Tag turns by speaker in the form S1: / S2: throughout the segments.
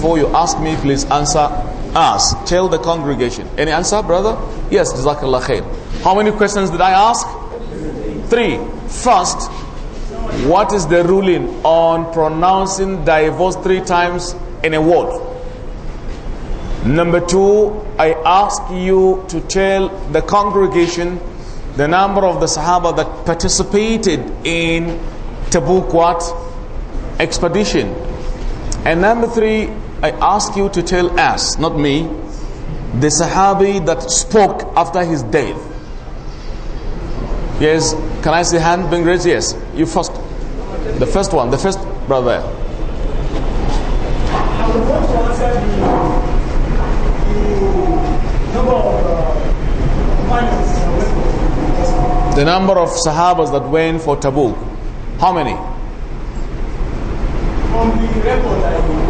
S1: before you ask me, please answer us. Tell the congregation. Any answer, brother? Yes, Jazakallah khair. How many questions did I ask? Three. First, what is the ruling on pronouncing divorce three times in a word? Number two, I ask you to tell the congregation the number of the Sahaba that participated in Tabuk what? Expedition. And number three, I ask you to tell us, not me, the Sahabi that spoke after his death. Yes, can I see hand being raised? Yes, you first. The first one, the first brother. The number of Sahabas that went for Tabuk. How many? From the record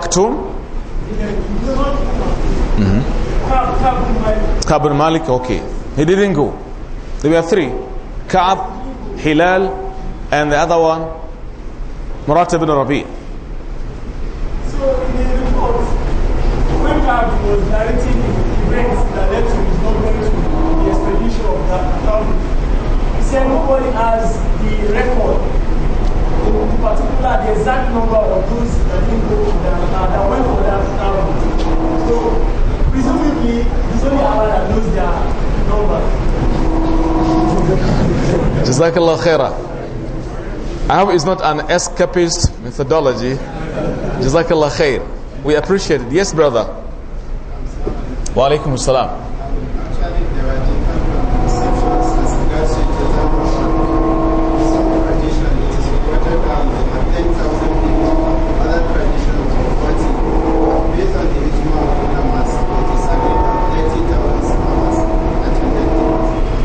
S1: Kabir mm-hmm. Ka'b Malik, okay. He didn't go. There were three. Ka'b, Hilal, and the other one, Murat ibn Rabi. So in the report, when Ka'b was narrating events that led to his not going to the expedition of that town, he said nobody has the record particular the exact number of those that didn't go to that, uh, that went for that, that route. So presumably
S2: it's only Allah that knows their number.
S1: Jazakallah khairah. I hope it's not an escapist methodology. Jazakallah khair. We appreciate it. Yes, brother. Wa alaikum assalam.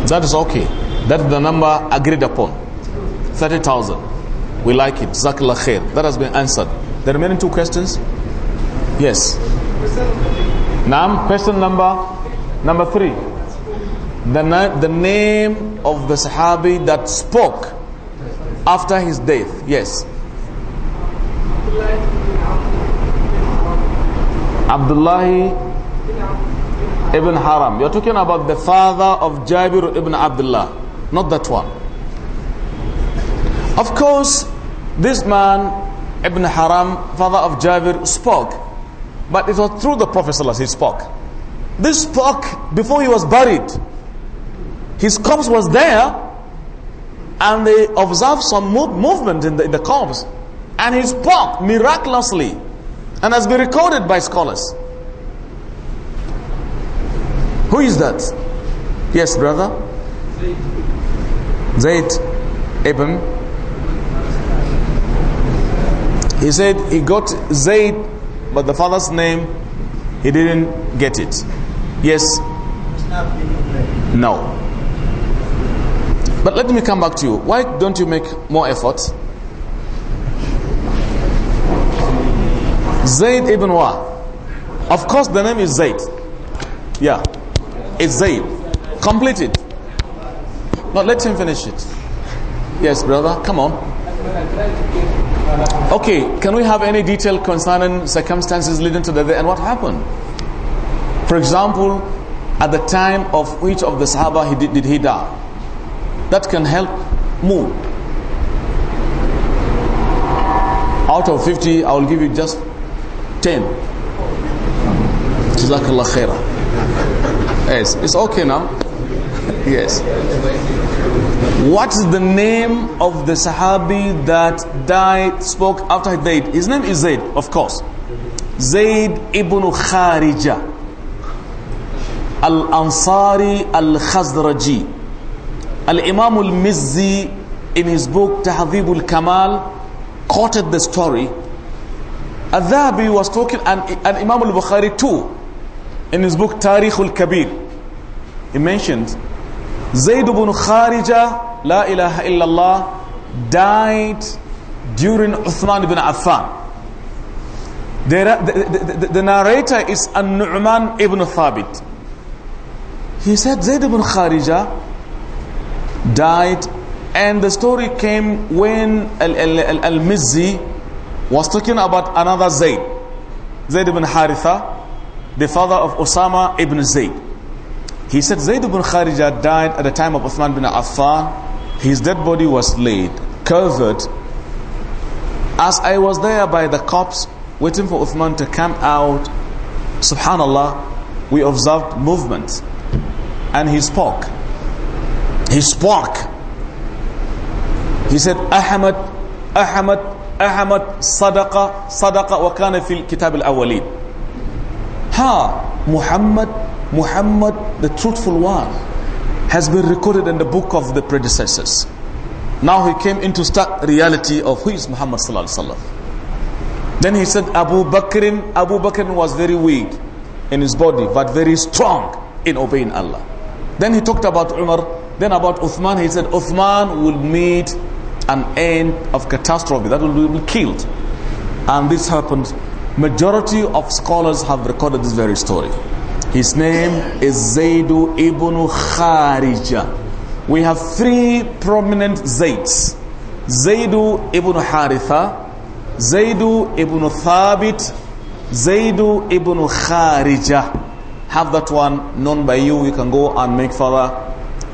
S1: That is okay. That is the number agreed upon. 30,000. We like it. Zakallah khair. That has been answered. The remaining two questions? Yes. question number number three. The, na the name of the Sahabi that spoke after his death. Yes. Abdullah ibn Haram. You're talking about the father of Jabir ibn Abdullah, not that one. Of course, this man, Ibn Haram, father of Jabir, spoke. But it was through the Prophet he spoke. This spoke before he was buried. His corpse was there, and they observed some movement in the, in the corpse. And he spoke miraculously, and has been recorded by scholars. Who is that? Yes, brother? Zaid ibn. He said he got Zaid, but the father's name, he didn't get it. Yes? No. But let me come back to you. Why don't you make more effort? Zaid ibn Wa. Of course, the name is Zaid. Yeah. It's Zayd. Complete it. No, let him finish it. Yes, brother, come on. Okay, can we have any detail concerning circumstances leading to the day and what happened? For example, at the time of which of the Sahaba he did, did he die? That can help move. Out of 50, I will give you just 10. Jazakallah khairah. Yes, it's okay now. yes. What's the name of the Sahabi that died, spoke after he died? His name is Zaid, of course. Zaid ibn Kharija. Al-Ansari al-Khazraji. Al-Imam al-Mizzi in his book Tahdhib al-Kamal quoted the story. Al-Dhabi was talking and, and Imam al-Bukhari too in his book Tariq al-Kabir, he mentions Zayd ibn Kharija, la ilaha illallah, died during Uthman ibn Affan. The, the, the, the narrator is An-Nu'man ibn Thabit. He said Zayd ibn Kharija died and the story came when Al-Mizzi was talking about another Zayd. Zayd ibn Haritha the father of Osama ibn Zayd. He said Zayd ibn Kharija died at the time of Uthman bin Affan. His dead body was laid, covered. As I was there by the corpse, waiting for Uthman to come out, subhanallah, we observed movement. And he spoke. He spoke. He said, Ahmad, Ahmad, Ahmad, Sadaqa, Sadaqa, wa kana fil kitab al-awwalin. Ha, Muhammad, Muhammad, the truthful one, has been recorded in the book of the predecessors. Now he came into stark reality of who is Muhammad sallallahu alaihi wasallam. Then he said Abu Bakr. Abu Bakr was very weak in his body, but very strong in obeying Allah. Then he talked about Umar. Then about Uthman, he said Uthman will meet an end of catastrophe that will be killed. And this happened Majority of scholars have recorded this very story. His name is Zaidu ibn Kharija. We have three prominent Zaids. Zaidu ibn Haritha, Zaidu ibn Thabit, Zaidu ibn Kharija. Have that one known by you. You can go and make further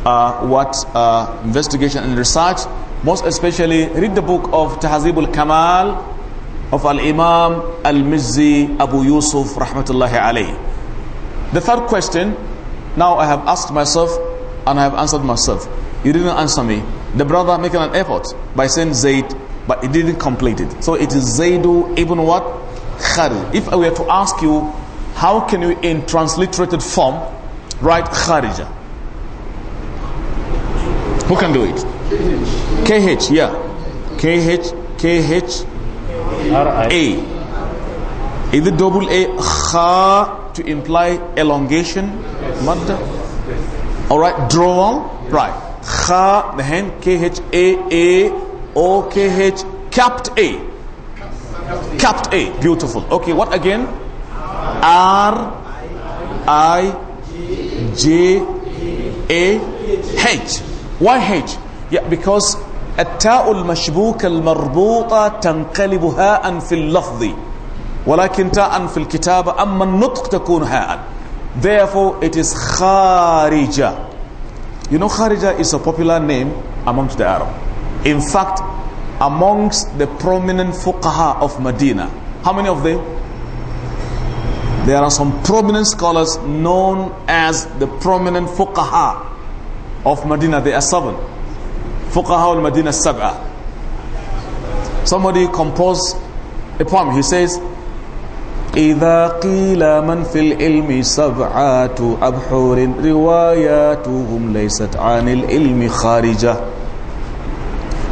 S1: uh, what uh, investigation and research. Most especially, read the book of Tahzib al-Kamal of Al-Imam Al-Mizzi Abu Yusuf rahmatullahi alayhi. The third question, now I have asked myself and I have answered myself. You didn't answer me. The brother making an effort by saying Zaid, but he didn't complete it. So it is Zaidu ibn what? Kharij. If I were to ask you, how can you in transliterated form write Kharija? Who can do it? KH, yeah. KH, KH, a. Is the double A? Kha to imply elongation? Yes. Madda? Yes. Alright, draw yes. Right. Kha, the hand, K-H-A-A-O-K-H, capped A. Capped A. Beautiful. Okay, what again? R I J A H. Why H? Yeah, because التاء المشبوكة المربوطة تنقلب هاء في اللفظ ولكن تاء في الكتابة أما النطق تكون هاء therefore it is خارجة you know خارجة is a popular name amongst the Arab in fact amongst the prominent fuqaha of Medina how many of them there are some prominent scholars known as the prominent fuqaha of Medina there are seven Fuqaha al-Madina Sab'ah. Somebody composed a poem. He says, إذا قيل من في العلم سبعة أبحور رواياتهم ليست عن العلم خارجة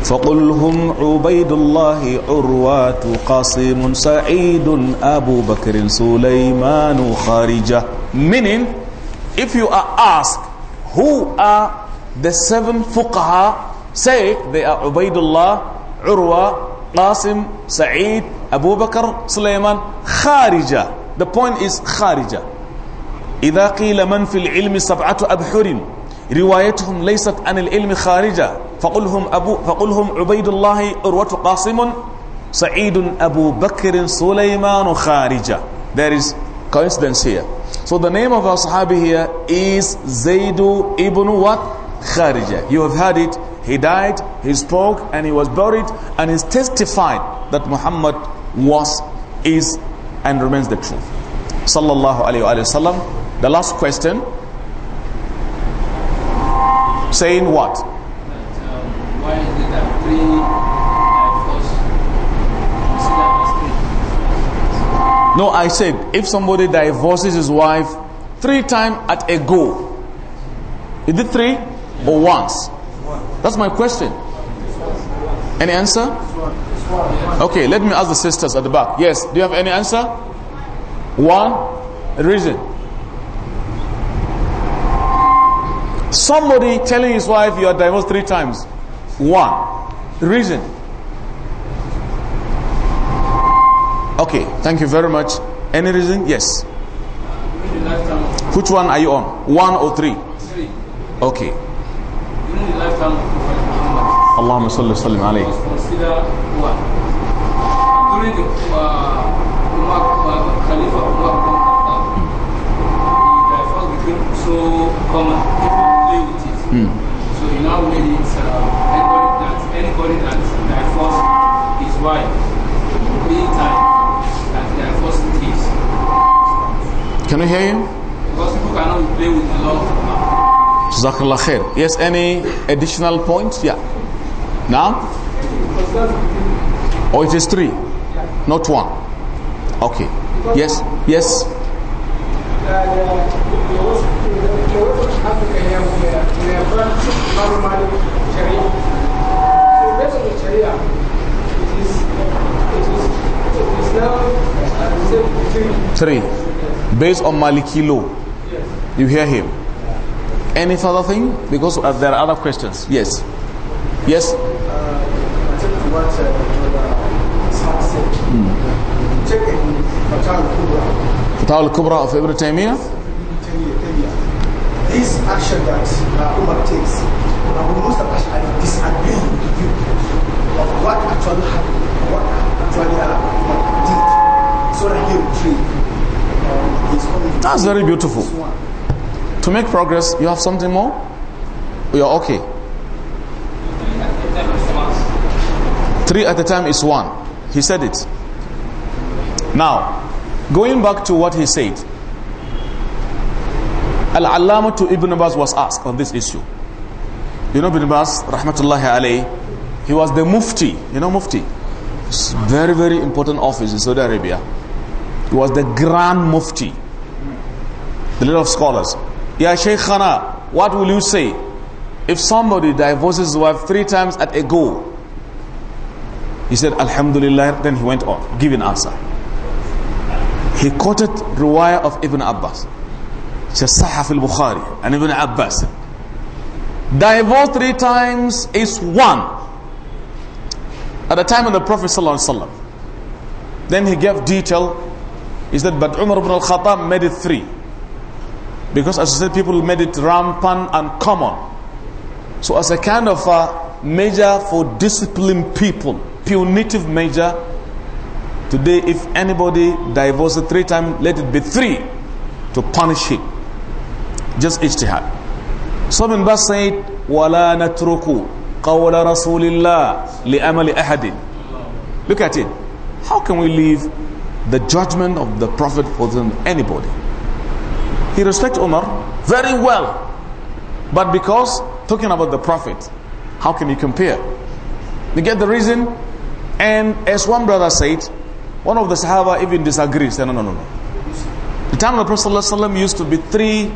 S1: فقل هم عبيد الله عروة قاسم سعيد أبو بكر سليمان خارجة meaning if you are asked who are the seven fuqaha say they are Ubaidullah, Urwa, Qasim, Sa'id, Abu Bakr, Sulaiman, Kharija. The point is Kharija. إذا قيل من في العلم سبعة أبحر روايتهم ليست عن العلم خارجة فقلهم أبو فقلهم عبيد الله أروة قاسم سعيد أبو بكر سليمان خارجة There is coincidence here. So the name of our Sahabi here is زيد ابن what? خارجة You have heard it He died, he spoke, and he was buried, and he testified that Muhammad was, is, and remains the truth. Sallallahu alayhi wa sallam. The last question. Saying what? No, I said if somebody divorces his wife three times at a go, is it three or once? That's my question. Any answer? Okay, let me ask the sisters at the back. Yes, do you have any answer? One reason. Somebody telling his wife you are divorced three times. One reason. Okay, thank you very much. Any reason? Yes. Which one are you on? One or three? Three. Okay.
S2: اللهم
S1: صل وسلم عليه can you hear him?
S2: because people cannot play with the law
S1: Jazakallah khair. Yes, any additional points? Yeah. Now? Or oh, it is three, not one. Okay. Yes, yes. Three. Based on Maliki law. You hear him. Any further thing? Because uh, there are other questions. Yes. Yes. Uh,
S2: uh, uh, hmm.
S1: Fatah al-Kubra of Ibn Taymiyyah? This action that uh, Umar takes, Abu Musa Ash'ari disagree with you of what actually happened, what actually Umar did, so that he will um, his That's very beautiful to make progress, you have something more? You're okay. Three at a time is one. He said it. Now, going back to what he said, Al-Allama to Ibn Abbas was asked on this issue. You know Ibn Abbas, rahmatullahi alayhi, he was the mufti. You know mufti? It's very, very important office in Saudi Arabia. He was the grand mufti, the leader of scholars. Ya Shaykhana, what will you say if somebody divorces his wife three times at a go? He said, Alhamdulillah. Then he went on, giving answer. He quoted Ruwaya of Ibn Abbas. He said, Sahaf al-Bukhari and Ibn Abbas. Divorce three times is one. At the time of the Prophet Sallallahu Then he gave detail. He said, but Umar ibn al-Khattab made it three. Because as I said, people made it rampant and common. So as a kind of a measure for disciplined people, punitive measure, today if anybody divorces three times, let it be three to punish him. Just ijtihad. Some in verse said, وَلَا نَتْرُكُ قَوْلَ رَسُولِ اللَّهِ لِأَمَلِ أَحَدٍ Look at it. How can we leave the judgment of the Prophet for anybody? He respects Umar very well. But because, talking about the Prophet, how can you compare? You get the reason? And as one brother said, one of the Sahaba even disagrees. Said, no, no, no, no. The time of the Prophet ﷺ used to be 3-1.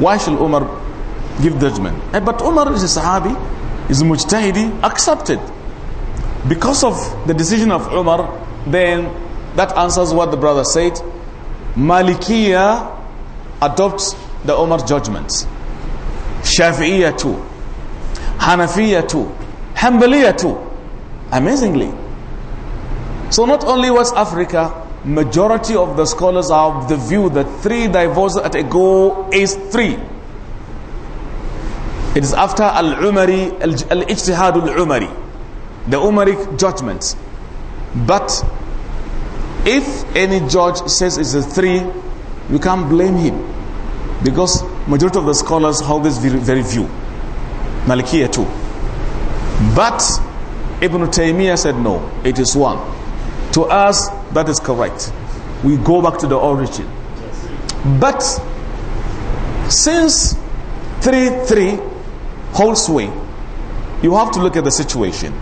S1: Why should Umar give judgment? Eh, but Umar is a Sahabi, is a Mujtahidi, accepted. Because of the decision of Umar, then that answers what the brother said. Malikiya adopts the Omar judgments. Shafi'iyya too. Hanafiya too. Hanbaliya too. Amazingly. So not only West Africa, majority of the scholars are of the view that three divorces at a go is three. It is after Al-Umari, Al-Ijtihad Al-Umari, the Umaric judgments. But if any judge says it's a three, you can't blame him. Because majority of the scholars hold this very, very view. Malikiya too. But Ibn Taymiyyah said no, it is one. To us, that is correct. We go back to the origin. But since 3-3 holds sway, you have to look at the situation.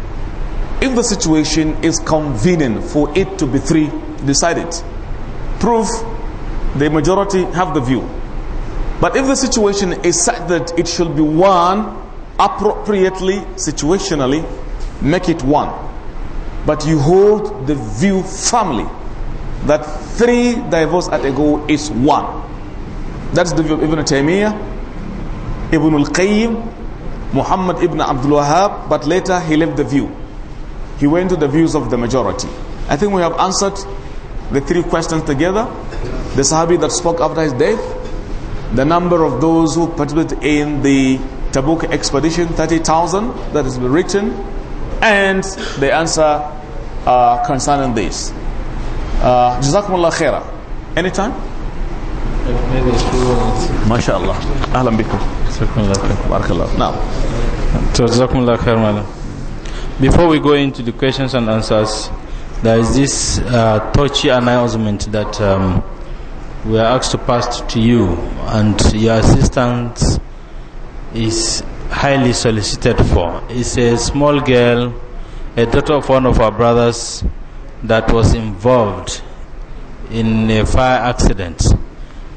S1: If the situation is convenient for it to be 3, decide it. Prove the majority have the view. But if the situation is such that it should be one, appropriately, situationally, make it one. But you hold the view firmly that three divorce at a go is one. That's the view of Ibn Taymiyyah, Ibn al-Qayyim, Muhammad ibn Abdul Wahab, but later he left the view. He went to the views of the majority. I think we have answered the three questions together, the Sahabi that spoke after his death, the number of those who participated in the Tabuk expedition, 30,000, that has been written, and the answer uh, concerning this. Uh, Jazakumullah khaira. Anytime? MashaAllah. Ahlan bikum. Barakallah. Now. So, Jazakumullah
S2: khair, Before we go into the questions and answers, there is this uh, touchy announcement that um, we are asked to pass to you, and your assistance is highly solicited for. It's a small girl, a daughter of one of our brothers, that was involved in a fire accident.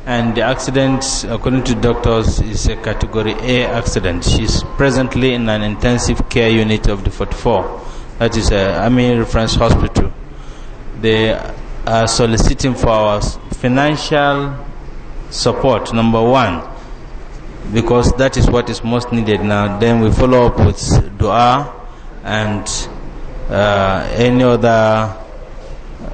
S2: And the accident, according to doctors, is a category A accident. She's presently in an intensive care unit of the 44 that is uh, Army Reference Hospital. They are soliciting for our financial support, number one, because that is what is most needed now. Then we follow up with dua and uh, any other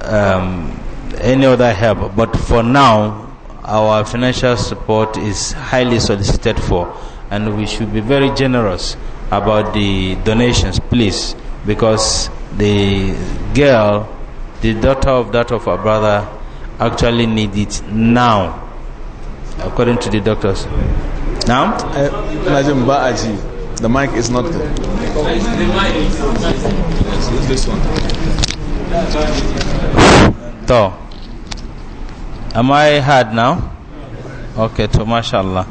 S2: um, any other help. But for now, our financial support is highly solicited for, and we should be very generous about the donations, please because the girl, the daughter of that of her brother, actually need it now, according to the doctors. Now? Eh, Imagine Ba'aji. The mic is not good. This one. So, am I hard now? Okay, so mashallah.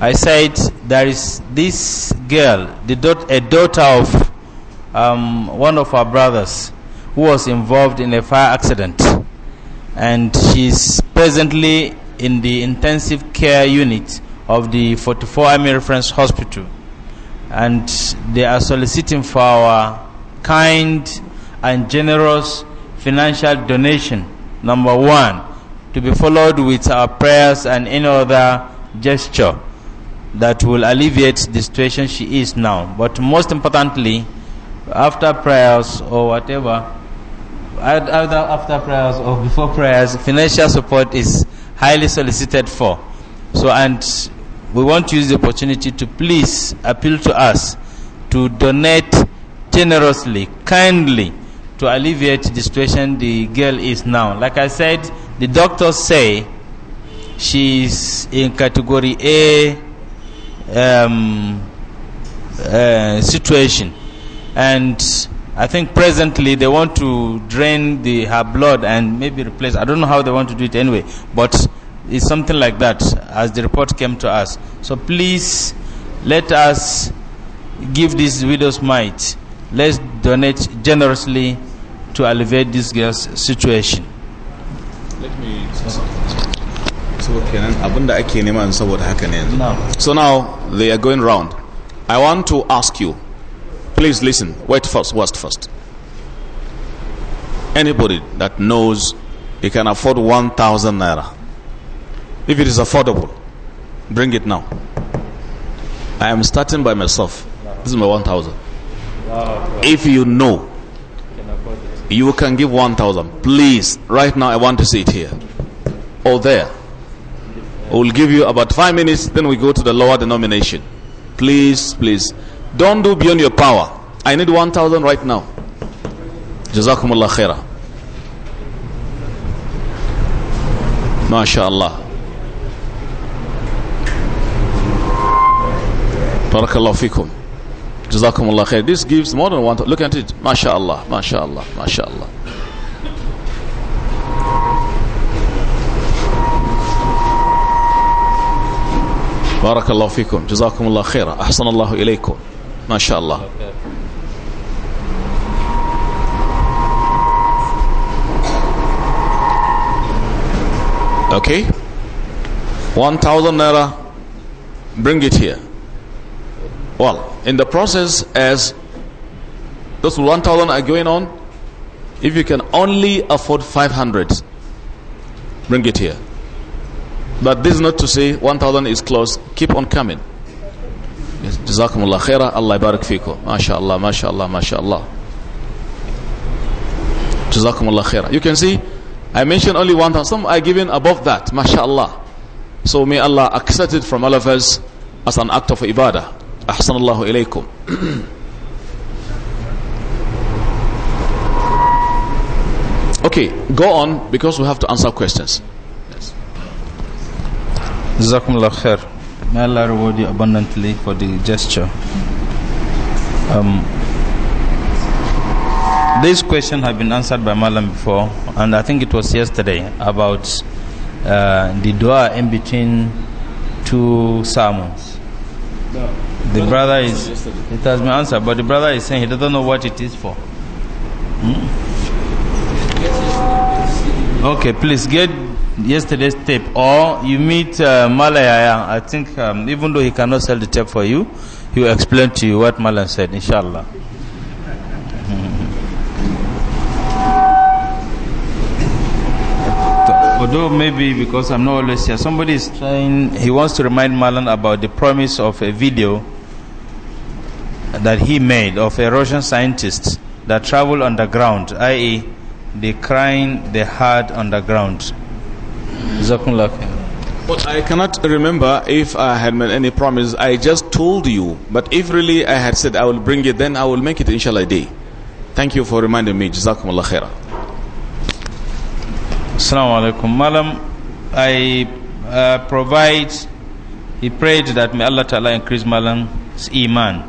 S2: I said there is this girl, the daughter, a daughter of um, one of our brothers who was involved in a fire accident, and she's presently in the intensive care unit of the 44 Army Reference Hospital, and they are soliciting for our kind and generous financial donation. Number one, to be followed with our prayers and any other gesture that will alleviate the situation she is now. But most importantly, after prayers or whatever, either after prayers or before prayers, financial support is highly solicited for. So, and we want to use the opportunity to please appeal to us to donate generously, kindly, to alleviate the situation the girl is now. Like I said, the doctors say she is in category A um, uh, situation and I think presently they want to drain the her blood and maybe replace. I don't know how they want to do it anyway, but it's something like that as the report came to us. So please let us give these widows might. Let's donate generously to alleviate this girl's situation.
S1: Let me. So So now they are going round. I want to ask you Please listen. Wait first, worst first. Anybody that knows he can afford 1,000 naira, if it is affordable, bring it now. I am starting by myself. This is my 1,000. If you know you can give 1,000, please, right now I want to see it here or there. We'll give you about five minutes, then we go to the lower denomination. Please, please. Don't do beyond your power. I need 1,000 right now. Jazakumullah khairah. MashaAllah. Barakallahu fikum. Jazakumullah khair. This gives more than one. Look at it. MashaAllah. MashaAllah. MashaAllah. بارك الله فيكم جزاكم الله خيرا أحسن Masha Allah. Okay? 1000 naira, bring it here. Well, in the process, as those 1000 are going on, if you can only afford 500, bring it here. But this is not to say 1000 is closed, keep on coming. جزاكم الله خيرا الله يبارك فيكم ما شاء الله ما شاء الله ما شاء الله جزاكم الله خيرا you can see I mentioned only one thousand some are given above that ما شاء الله so may Allah accept it from all of us as an act of ibadah أحسن الله إليكم okay go on because we have to answer questions yes. جزاكم الله
S2: خير May Allah reward you abundantly for the gesture. Um, this question has been answered by Malam before, and I think it was yesterday about uh, the dua in between two sermons. No, the brother is, yesterday. it has been answered, but the brother is saying he doesn't know what it is for. Hmm? Okay, please get yesterday's tape or you meet uh, Malaya, I think um, even though he cannot sell the tape for you, he will explain to you what Malan said, inshallah. Mm-hmm. Although maybe because I'm not always here, somebody is trying, he wants to remind Malan about the promise of a video that he made of a Russian scientist that traveled underground, i.e., the crying they heard underground.
S1: But I cannot remember if I had made any promise. I just told you. But if really I had said I will bring it, then I will make it inshallah day. Thank you for reminding me. Jazakumullah khairah. Assalamu alaikum. Madam, I uh, provide,
S2: he prayed that may Allah Ta'ala increase Malam's iman.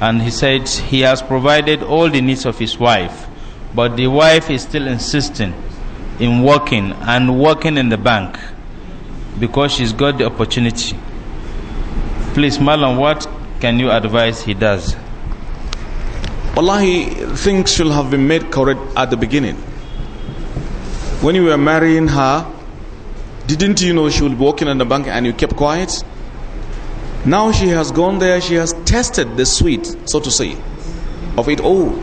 S2: And he said he has provided all the needs of his wife. But the wife is still insisting in working and working in the bank because she's got the opportunity. Please, Malam, what can you advise he does?
S1: Wallahi, things should have been made correct at the beginning. When you were marrying her, didn't you know she would be working in the bank and you kept quiet? Now she has gone there, she has tested the sweet, so to say, of it all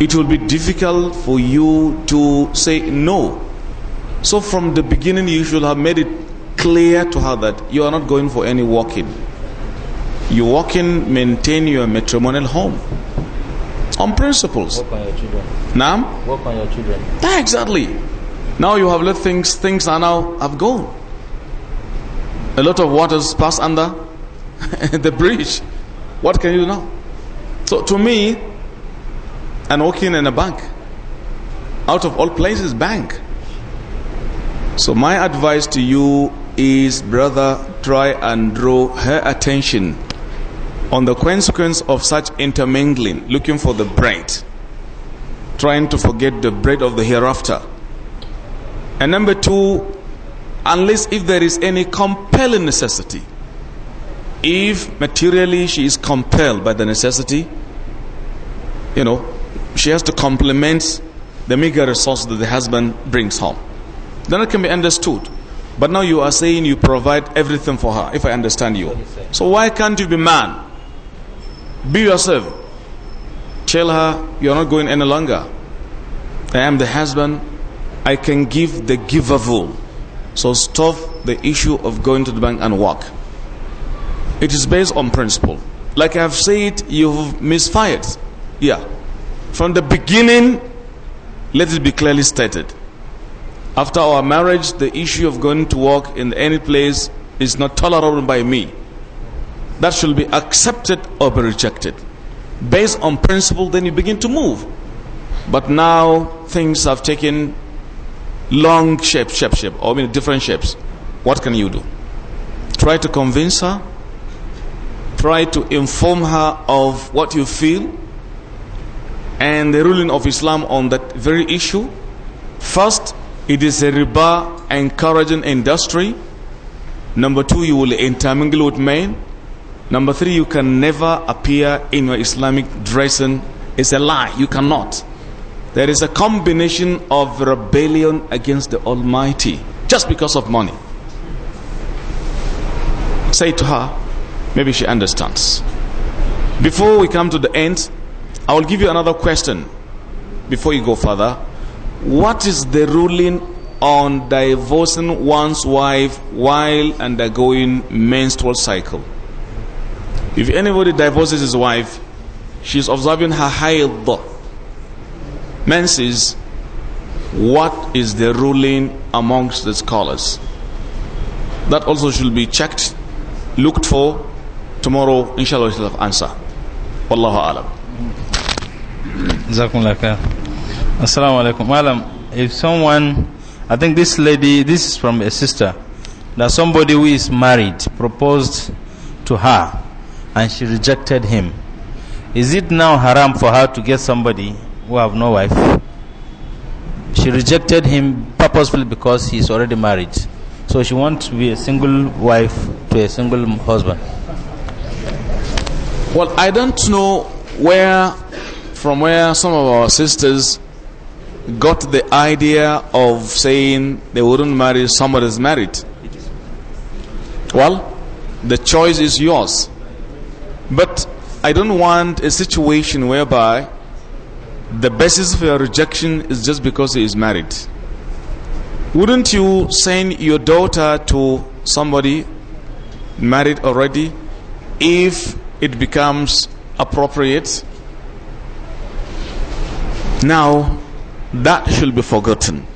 S1: it will be difficult for you to say no. So from the beginning, you should have made it clear to her that you are not going for any walking. You walk in, maintain your matrimonial home on principles.
S2: Work on your children. Now? Work on your children.
S1: Yeah, exactly. Now you have let things, things are now have gone. A lot of waters pass under the bridge. What can you do now? So to me, and working in a bank. Out of all places, bank. So my advice to you is, brother, try and draw her attention on the consequence of such intermingling, looking for the bread, trying to forget the bread of the hereafter. And number two, unless if there is any compelling necessity, if materially she is compelled by the necessity, you know, she has to complement the meager resource that the husband brings home. Then it can be understood. But now you are saying you provide everything for her, if I understand you. So why can't you be man? Be yourself. Tell her, you're not going any longer. I am the husband. I can give the giverful. So stop the issue of going to the bank and work. It is based on principle. Like I have said, you've misfired. Yeah. From the beginning, let it be clearly stated. After our marriage, the issue of going to work in any place is not tolerable by me. That should be accepted or be rejected. Based on principle, then you begin to move. But now things have taken long shape, shape, shape, or I mean different shapes. What can you do? Try to convince her. Try to inform her of what you feel and the ruling of Islam on that very issue. First, it is a riba encouraging industry. Number two, you will intermingle with men. Number three, you can never appear in your Islamic dressing. It's a lie. You cannot. There is a combination of rebellion against the Almighty just because of money. Say to her, maybe she understands. Before we come to the end, I will give you another question before you go further. What is the ruling on divorcing one's wife while undergoing menstrual cycle? If anybody divorces his wife, she's observing her haid, menses. What is the ruling amongst the scholars? That also should be checked, looked for. Tomorrow, inshallah, we'll have answer. Wallahu alam. Assalamu alaikum. Malam, if
S2: someone, I think this lady, this is from a sister, that somebody who is married proposed to her and she rejected him. Is it now haram for her to get somebody who have no wife? She rejected him purposefully because he is already married. So she wants to be a single wife
S1: to a single husband. Well, I don't know where from where some of our sisters got the idea of saying they wouldn't marry somebody who's married. Well, the choice is yours. But I don't want a situation whereby the basis for your rejection is just because he is married. Wouldn't you send your daughter to somebody married already if it becomes appropriate? Now, that should be forgotten.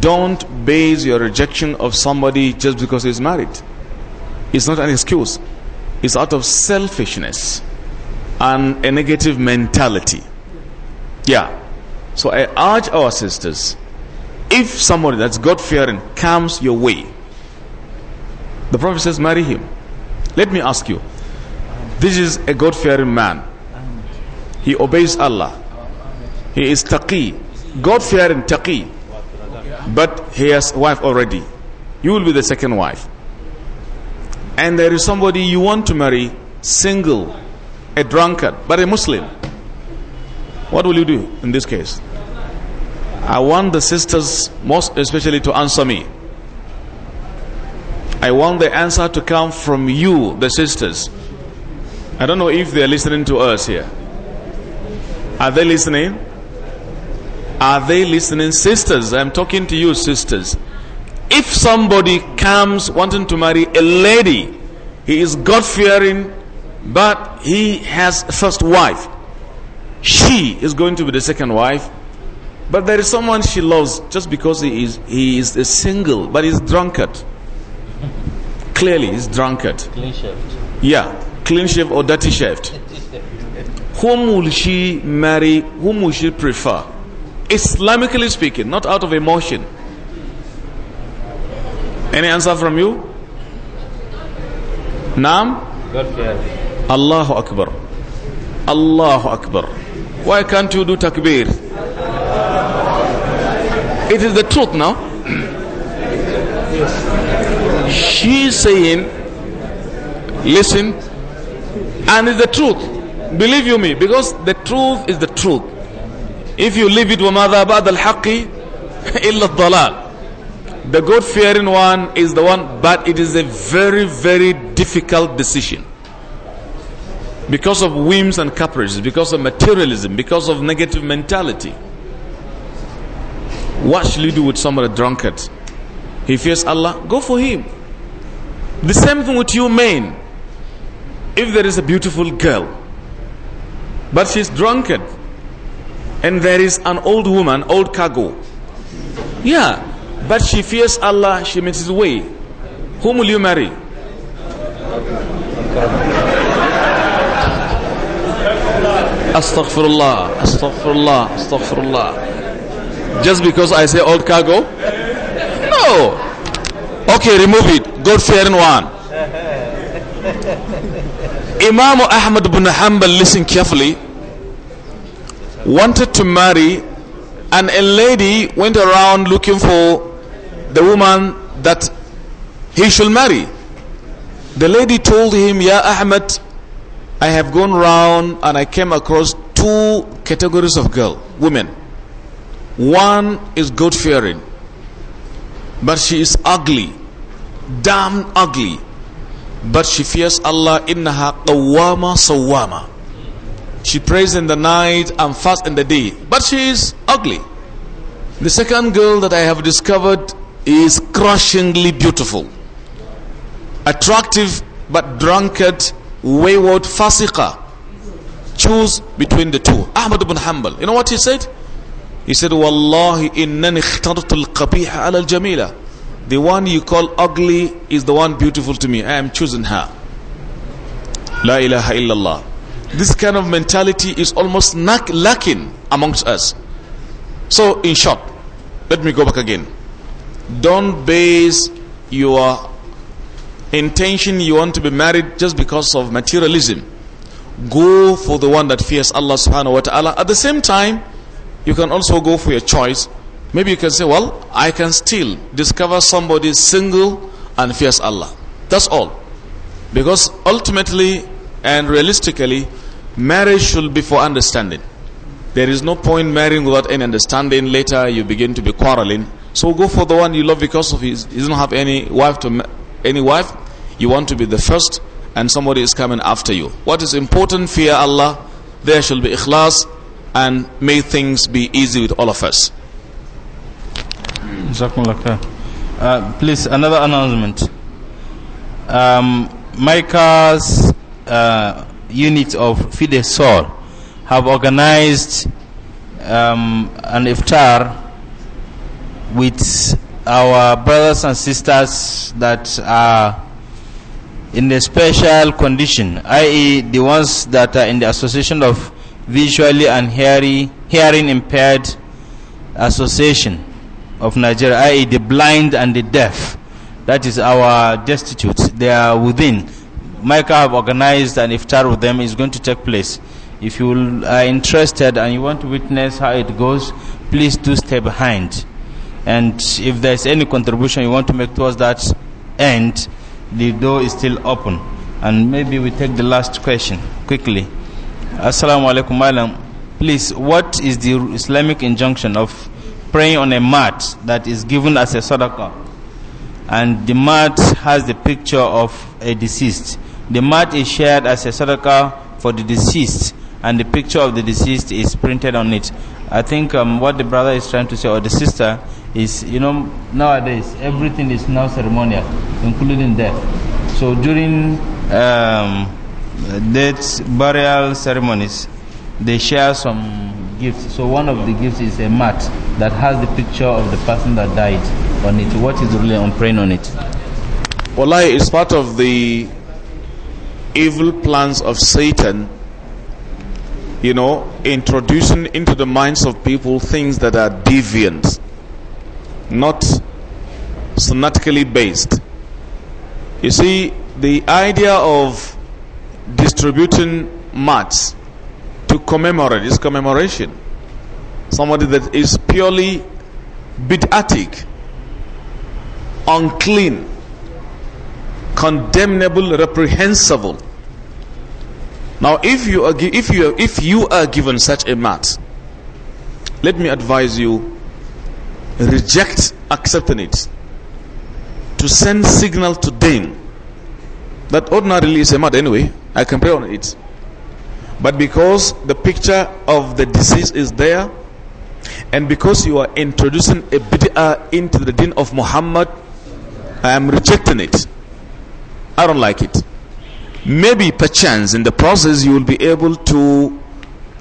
S1: Don't base your rejection of somebody just because he's married. It's not an excuse. It's out of selfishness and a negative mentality. Yeah. So I urge our sisters, if somebody that's God-fearing comes your way, the Prophet says, marry him. Let me ask you, this is a God-fearing man. He obeys Allah. He is taqi, God-fearing taqi. But he has wife already. You will be the second wife. And there is somebody you want to marry, single, a drunkard, but a Muslim. What will you do in this case? I want the sisters, most especially, to answer me. I want the answer to come from you, the sisters. I don't know if they are listening to us here. Are they listening? Are they listening? Sisters, I'm talking to you, sisters. If somebody comes wanting to marry a lady, he is God fearing, but he has first wife. She is going to be the second wife, but there is someone she loves just because he is he is a single, but he's drunkard. Clearly, he's drunkard. Clean shaved. Yeah, clean shaved or dirty shaved. whom will she marry? Whom will she prefer? Islamically speaking, not out of emotion. Any answer from you? Naam? Allahu Akbar. Allahu Akbar. Why can't you do takbir? It is the truth now. She's saying, listen, and it's the truth. Believe you me, because the truth is the truth. If you leave it, وَمَاذَا بَعْدَ الْحَقِّ إِلَّا الضَّلَالِ The God-fearing one is the one, but it is a very, very difficult decision. Because of whims and caprices, because of materialism, because of negative mentality. What shall you do with somebody drunkard? He fears Allah, go for him. The same thing with you men. If there is a beautiful girl, but she's drunkard, and there is an old woman, old cargo. Yeah, but she fears Allah, she makes his way. Whom will you marry? Astaghfirullah, astaghfirullah, astaghfirullah. Just because I say old cargo? No. Okay, remove it. God fearing one. Imam Ahmad bin Hanbal, listen carefully wanted to marry, and a lady went around looking for the woman that he should marry. The lady told him, Ya Ahmed, I have gone round and I came across two categories of girl, women. One is God fearing, but she is ugly, damn ugly. But she fears Allah, innaha qawwama sawwama. She prays in the night and fasts in the day. But she is ugly. The second girl that I have discovered is crushingly beautiful. Attractive but drunkard, wayward, fasiqa. Choose between the two. Ahmad ibn Hanbal. You know what he said? He said, Wallahi innani ikhtartu al-qabiha ala al-jamila. The one you call ugly is the one beautiful to me. I am choosing her. La ilaha illallah. This kind of mentality is almost lacking amongst us. So, in short, let me go back again. Don't base your intention you want to be married just because of materialism. Go for the one that fears Allah subhanahu wa ta'ala. At the same time, you can also go for your choice. Maybe you can say, well, I can still discover somebody single and fears Allah. That's all. Because ultimately and realistically, marriage should be for understanding. There is no point marrying without any understanding. Later you begin to be quarreling. So go for the one you love because of his, he doesn't have any wife to any wife. You want to be the first and somebody is coming after you. What is important, fear Allah. There shall be ikhlas and may things be easy with all of us.
S2: Uh, please, another announcement. Um, my cars, uh, unit of Fide Sol have organized um, an iftar with our brothers and sisters that are in a special condition, i.e., the ones that are in the association of visually and hearing, hearing impaired association of Nigeria, i.e., the blind and the deaf. That is our destitute. They are within. Micah have organized an iftar with them. It's going to take place. If you are interested and you want to witness how it goes, please do stay behind. And if there's any contribution you want to make towards that end, the door is still open. And maybe we take the last question quickly. Assalamu alaikum, Malam. Please, what is the Islamic injunction of praying on a mat that is given as a sadaqah? And the mat has the picture of a deceased. The mat is shared as a sadaqah for the deceased, and the picture of the deceased is printed on it. I think um, what the brother is trying to say, or the sister, is you know, nowadays everything is now ceremonial, including death. So during um, death burial ceremonies, they share some gifts. So one of the gifts is a mat that has the picture of the person that died on it. What is really on praying on it?
S1: Wallahi, it's part of the evil plans of Satan, you know, introducing into the minds of people things that are deviant, not synaptically based. You see, the idea of distributing mats to commemorate is commemoration. Somebody that is purely bid'atic, unclean, condemnable, reprehensible. Now, if you are, if you, if you are given such a mat, let me advise you, reject accepting it. To send signal to them that ordinarily is a mat anyway, I can pray on it. But because the picture of the disease is there, and because you are introducing a bid'ah into the din of Muhammad, I am rejecting it. I don't like it. Maybe perchance in the process you will be able to,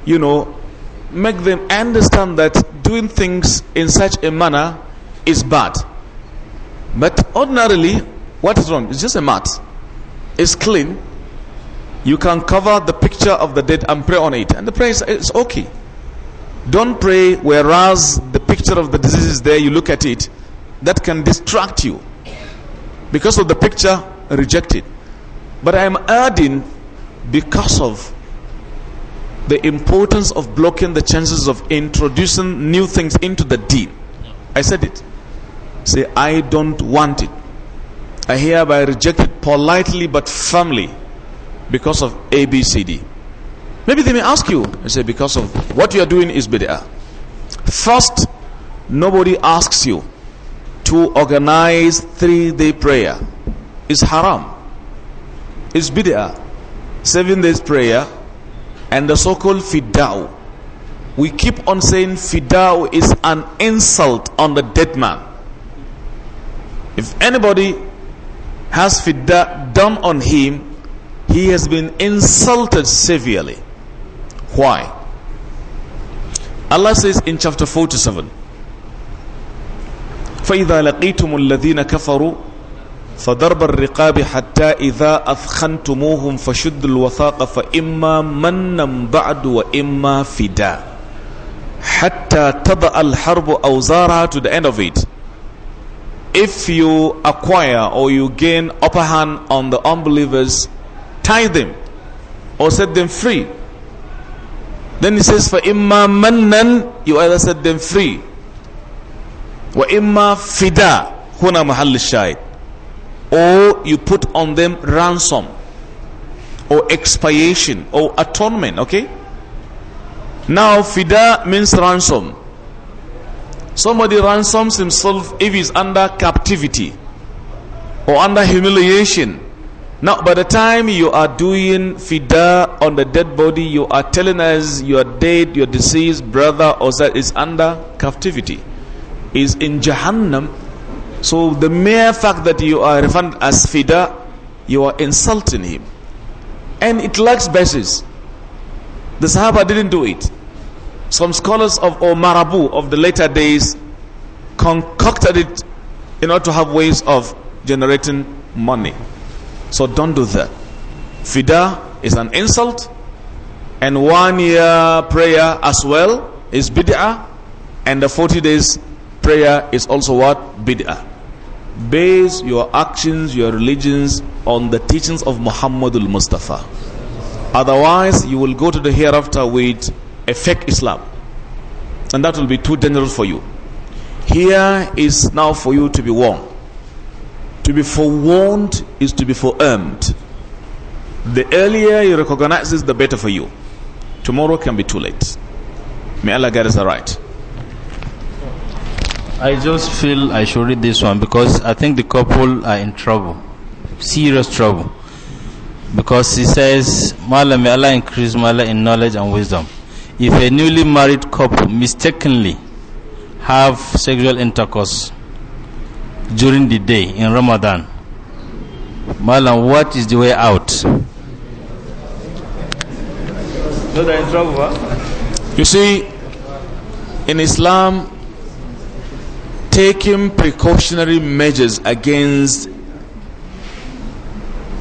S1: you know, make them understand that doing things in such a manner is bad. But ordinarily, what is wrong? It's just a mat. It's clean. You can cover the picture of the dead and pray on it. And the prayer is it's okay. Don't pray whereas the picture of the disease is there, you look at it. That can distract you. Because of the picture, rejected. But I am adding because of the importance of blocking the chances of introducing new things into the deen. I said it. Say, I don't want it. I hereby reject it politely but firmly because of ABCD. Maybe they may ask you, I say, because of what you are doing is bid'ah. First, nobody asks you to organize three-day prayer is haram. It's bid'ah. Seven days prayer and the so-called fid'aw. We keep on saying fid'aw is an insult on the dead man. If anybody has fida done on him, he has been insulted severely. Why? Allah says in chapter 47, فَإِذَا لَقِيتُمُ الَّذِينَ كَفَرُوا فضرب الرقاب حتى إذا أثخنتموهم فشد الوثاق فإما منا بعد وإما فداء حتى تضع الحرب أوزارها to the end of it if you acquire or you gain upper hand on the unbelievers tie them or set them free then he says فإما منا you either set them free وإما فداء هنا محل الشاهد or you put on them ransom or expiation or atonement okay now fida means ransom somebody ransoms himself if he's under captivity or under humiliation now by the time you are doing fida on the dead body you are telling us your dead your deceased brother or is under captivity is in jahannam so the mere fact that you are referred as fida, you are insulting him. And it lacks basis. The Sahaba didn't do it. Some scholars of Omarabu of the later days concocted it in order to have ways of generating money. So don't do that. Fida is an insult and one year prayer as well is bid'ah and the 40 days prayer is also what? Bid'ah. Base your actions, your religions on the teachings of Muhammad al-Mustafa. Otherwise, you will go to the hereafter with a fake Islam. And that will be too dangerous for you. Here is now for you to be warned. To be forewarned is to be forearmed. The earlier you recognize this, the better for you. Tomorrow can be too late. May Allah guide us aright.
S2: I just feel I should read this one because I think the couple are in trouble, serious trouble. Because he says, Mala may Allah increase Mala in knowledge and wisdom. If a newly married couple mistakenly have sexual intercourse during the day in Ramadan, mala,
S1: what is the way out? No, they're in trouble, You see, in Islam, taking precautionary measures against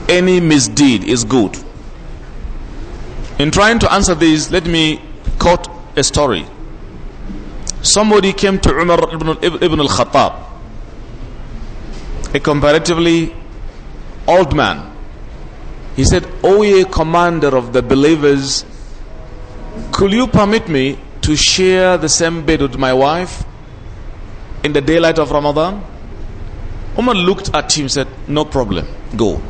S1: any misdeed is good. In trying to answer this, let me quote a story. Somebody came to Umar ibn, ibn al-Khattab, a comparatively old man. He said, O ye commander of the believers, could you permit me to share the same bed with my wife? in the daylight of Ramadan? Umar looked at him and said, no problem, go.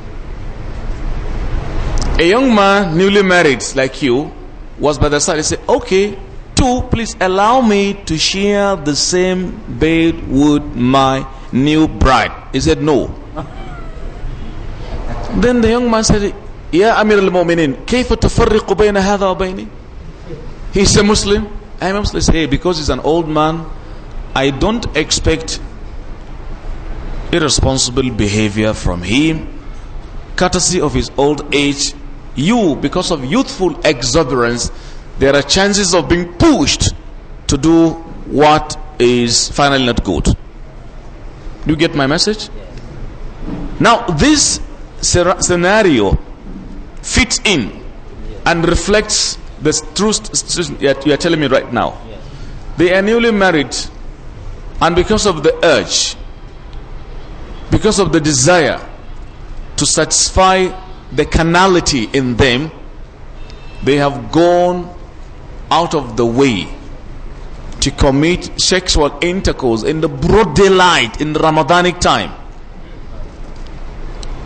S1: A young man, newly married like you, was by the side. He said, okay, two, please allow me to share the same bed with my new bride. He said, no. then the young man said, يا أمير المؤمنين كيف تفرق بين هذا وبيني He's a Muslim. I'm a Muslim. He said, hey, because he's an old man, I don't expect irresponsible behavior from him, courtesy of his old age. You, because of youthful exuberance, there are chances of being pushed to do what is finally not good. You get my message? Now, this scenario fits in and reflects the truth that you are telling me right now. They are newly married and because of the urge, because of the desire to satisfy the carnality in them, they have gone out of the way to commit sexual intercourse in the broad daylight in the Ramadanic time.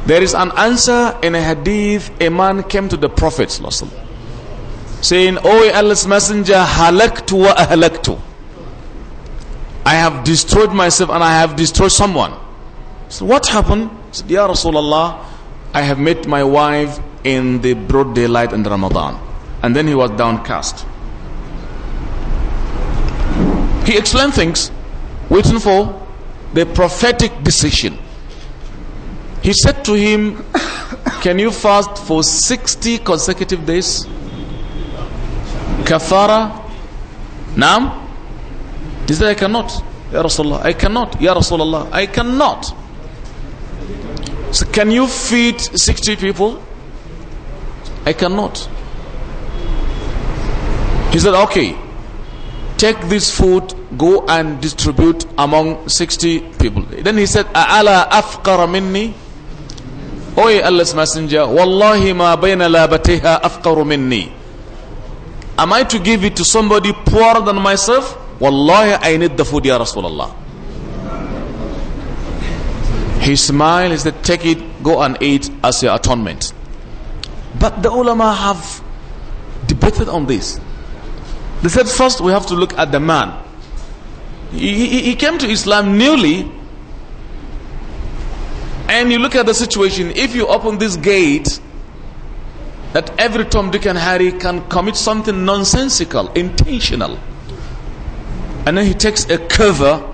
S1: There is an answer in a hadith. A man came to the Prophet saying, O Allah's Messenger, halaktu wa ahlaktu. I have destroyed myself and I have destroyed someone. So what happened? He said, Ya Rasulullah, I have met my wife in the broad daylight in Ramadan. And then he was downcast. He explained things, waiting for the prophetic decision. He said to him, Can you fast for 60 consecutive days? Kafara? Nam? He said, I cannot, Ya Rasulullah. I cannot, Ya Rasulullah. I cannot. So can you feed 60 people? I cannot. He said, okay, take this food, go and distribute among 60 people. Then he said, A'ala afqara minni? O oh, Allah's messenger, Wallahi ma bayna labateha afqaru minni. Am I to give it to somebody poorer than myself? Wallahi, I need the food, Ya Rasulullah. He smiled, he said, take it, go and eat as your atonement. But the ulama have debated on this. They said, first we have to look at the man. He, he, he came to Islam newly. And you look at the situation, if you open this gate, that every Tom, Dick and Harry can commit something nonsensical, intentional. And then he takes a cover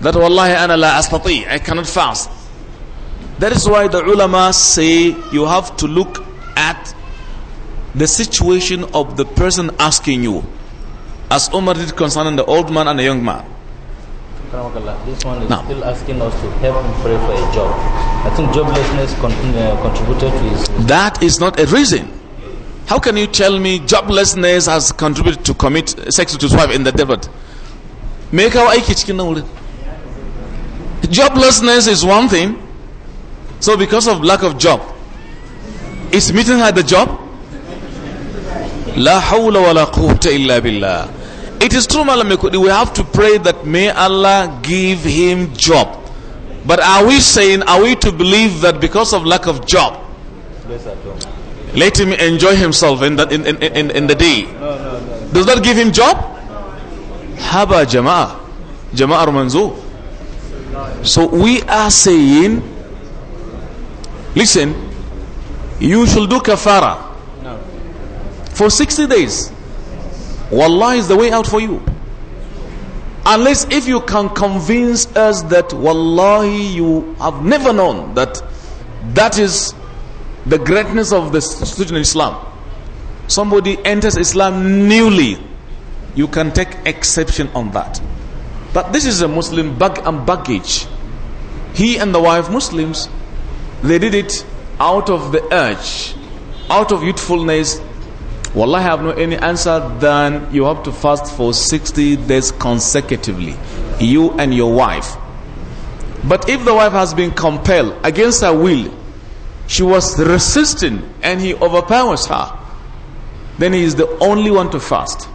S1: that wallahi ana la astati, I cannot fast. That is why the ulama say you have to look at the situation of the person asking you. As Umar did concerning the old man and the young man.
S2: This one is no. still asking us to help him pray for a job. I think joblessness con uh,
S1: contributed to his. That is not a reason. How can you tell me joblessness has contributed to commit sex with his wife in the desert? me ya kawo aiki cikin nan wurin joblessness is one thing so because of lack of job is meeting her the job la hawla wa la quwwata illa billah it is true malam kudi we have to pray that may allah give him job but are we saying are we to believe that because of lack of job let him enjoy himself in that in, in, in, in the day does that give him job Haba jama'a. jama'a manzo. So we are saying, listen, you should do kafara no. for 60 days. Wallah is the way out for you. Unless if you can convince us that wallahi you have never known that that is the greatness of the student in Islam. Somebody enters Islam newly you can take exception on that. But this is a Muslim bag and baggage. He and the wife Muslims, they did it out of the urge, out of youthfulness. Well, I have no any answer than you have to fast for 60 days consecutively, you and your wife. But if the wife has been compelled against her will, she was resisting and he overpowers her, then he is the only one to fast.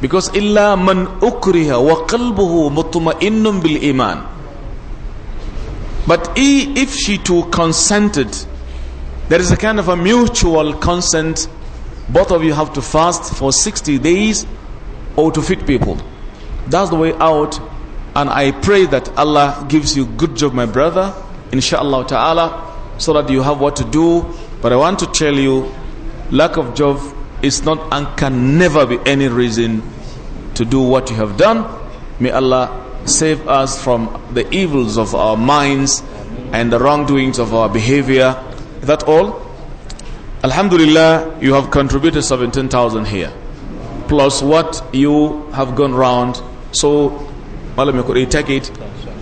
S1: Because illa man ukriha wa qalbuhu mutma'innun bil iman. But if she too consented, there is a kind of a mutual consent. Both of you have to fast for 60 days or to feed people. That's the way out. And I pray that Allah gives you good job, my brother, inshallah ta'ala, so that you have what to do. But I want to tell you, lack of job is not and can never be any reason to do what you have done. May Allah save us from the evils of our minds and the wrongdoings of our behavior. Is that all? Alhamdulillah, you have contributed 17,000 here. Plus what you have gone round. So, Malam Yakuri, take it.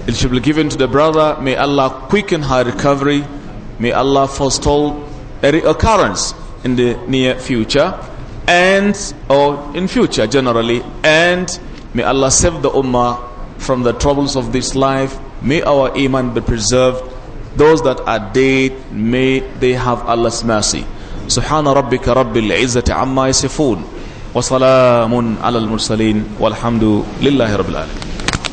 S1: It should be given to the brother. May Allah quicken her recovery. May Allah forestall a recurrence in the near future and or in future generally and may Allah save the ummah from the troubles of this life may our iman be preserved those that are dead may they have Allah's mercy سبحان ربك رب العزة عما يصفون وسلام على المرسلين والحمد لله رب العالمين